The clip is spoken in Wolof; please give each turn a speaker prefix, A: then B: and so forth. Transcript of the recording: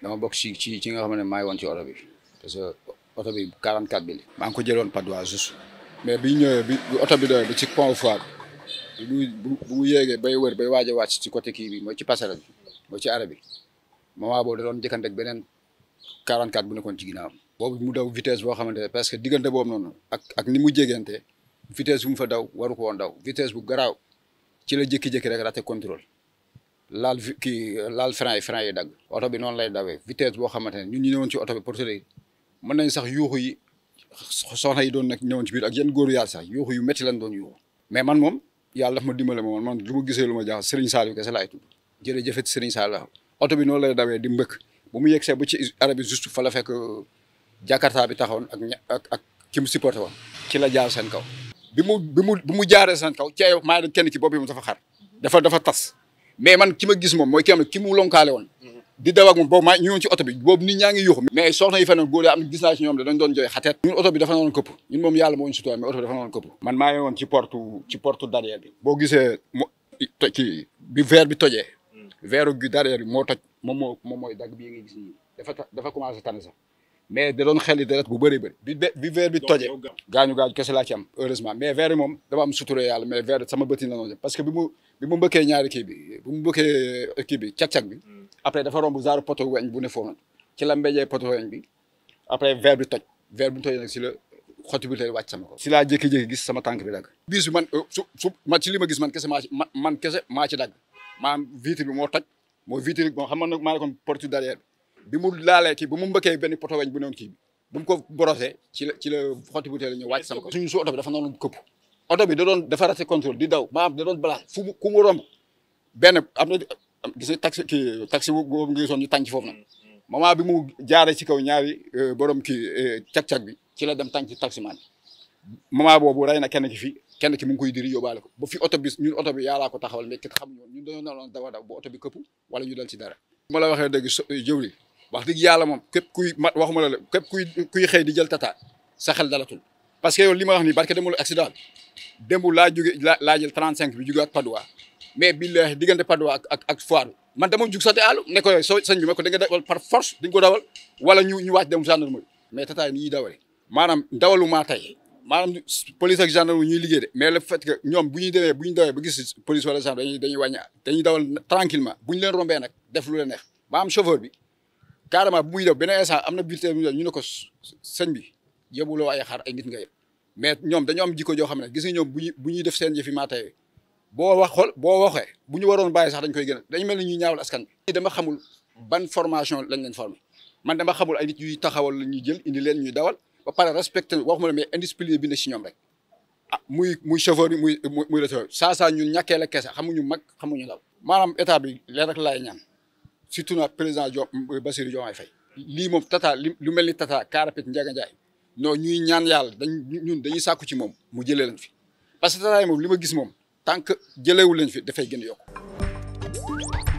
A: dama bokk ci ci ci nga xam ne maay woon ci oto bi parce que oto bi 44 bi maa ngi ko jëloon Padois juste mais bi ñëwee bi oto bi doyee ba ci pont foire bi bu bu yéegee bay wër bay waaj wàcc ci côté kii bi mooy ci passerelle bi ci arrêt bi moment boobu da doon jëkkante ak beneen 44 bu nekkoon ci ginnaaw boobu mu daw vitesse boo xamante ne parce que diggante boobu noonu ak ak ni mu jégante vitesse bu mu fa daw waru ko woon daw vitesse bu garaaw ci la jékki-jékki rek raté contrôle laal kii laal frein yi frein yi dagg oto bi noonu lay dawee vitesse boo xamante ne ñun ñu newoon ci oto bi porteurs yi mën nañ sax yuuxu yi soxna yi doon nag ñëwoon ci biir ak yenn góoru yàlla sax yuuxu yu métti lañ doon yuuxu mais man moom yàlla daf ma dimbale ma man lu gisee lu ma jaaxal Serigne kese laay tudd Serigne Saliou oto bi noonu lay dawee di mbëkk bu mu yegsee ba ci arabi juste fa la fekk euh, Jakarta bi taxawoon ak ak ak ki mu supporté woon ci la jaar seen kaw bi mu mu bi jaaree seen kaw ci ay maa kenn ci bopp yi dafa xar dafa dafa tas mais man ki ma gis moom mooy ki ki mu lonkaale woon di daw ak moom boobu maa ñu woon ci oto ngi yuuxu mais soxna yi fa noon góor yi am gis naa ci ñoom ñun oto bi dafa noon këpp ñun moom yàlla moo ñu sutura oto bi dafa noon këpp man woon ci bi boo bi verre bi tojee hmm. gi derrière bi moo toj moom moo moom mooy dagg bii nga gis nii dafa dafa commencé tane sax mais da doon xel deret bu bëri bëri bi bi verre bi toje gaañu gaañu kese laa ci am heureusement mais verre yi moom dama am sutura yàlla mais verre sama bëti la noonu parce que bi mu bi mu mbëkkee ñaari kii bi bi mu mbëkkee euh, kii bi cag bi hmm. après dafa romb zaaru poto weñ bu ne foofu ci la mbéjee poto weñ bi après verre bi toj verre bi mu tojee si la xottu bi tey wàcc sama ko si laa jékki-jékki gis sama tànk bi dagg bis bi man euh, su su man ci li ma gis man kese maa ci man kese maa ci dagg maanaam vitre bi moo toj moo vitre moo xam man nag maa nekkoon porte derrière bi mu laalee kii bi mu mbëkkee benn poto weñ bu noonu kii bi bu mu ko brosé ci la ci la xotti butéel la ñu sama kaw suñu su oto bi dafa noonu këpp oto bi da doon dafa raté di daw maanaam da doon balaas fu ku mu romb benn am na gis nga taxi kii taxi boobu nga gisoon ñu tànc foofu nag moment bi mu jaaree ci kaw ñaari euh, borom kii euh, cag bi ci la dem tànc taximaan moment boobu rey na kenn ki fii kenn ki mu ngi koy diri yóbbaale ko ba fi oto bi ñun oto bi yàllaa ko taxawal mais ki xam ñoon ñun dañoo naloon dawa bi këpp wala ñu dal ci dara ma la waxee dëgg jëwli wax dëgg yàlla moom képp kuy mat waxuma la képp kuy kuy xëy di jël tata sa xel dalatul parce que yow li ma wax ni barke demul accident démb laa jóge laa laa jël 35 bi jóge ak Padois mais billahi diggante Padois ak ak ak Foire man dama jug sax te àll ne ko soo sëñ bi ma ko da par force di ko dawal wala ñu ñu wàcc dem gendarmerie mais tata yi ni maanaam dawalu maa tey maanaam police ak gendarme ñuy liggéey de mais le fait que ñoom bu ñuy demee bu ñu dawee ba gis police wala gendarme dañuy dañuy wàññi dañuy dawal tranquillement bu ñu leen rombee nag def bi carrément bu muy def benn instant am na bulletin bi ñu ne ko sëñ bi yebuloo ay xar ay nit nga yeb mais ñoom dañoo am jikko joo xam ne gis nga ñoom bu ñuy bu ñuy def seen yëfi maatay boo wax xool boo waxee bu ñu waroon bàyyi sax dañ koy gën dañ mel ni ñuy ñaawal askan bi dama xamul ban formation lañ leen formé man dama xamul ay nit yuy taxawal la ñuy jël indi leen ñuy dawal ba pare respecte waxuma la mais indiscipliné bi ne si ñoom rek ah muy muy chauffeur bi muy muy muy saa saa ñun ñàkkee la kees xamuñu mag xamuñu ndaw maanaam état bi rek laay ñaan surtout nag président jo Bassirou Diomaye Faye lii moom tata lu mel ni tata Carapet Ndiaga Ndiaye non ñuy ñaan yàlla dañ ñun dañuy sàkku ci moom mu jëlee leen fi parce que tata yi moom li ma gis moom tant que jëlewu leen fi dafay gën yokk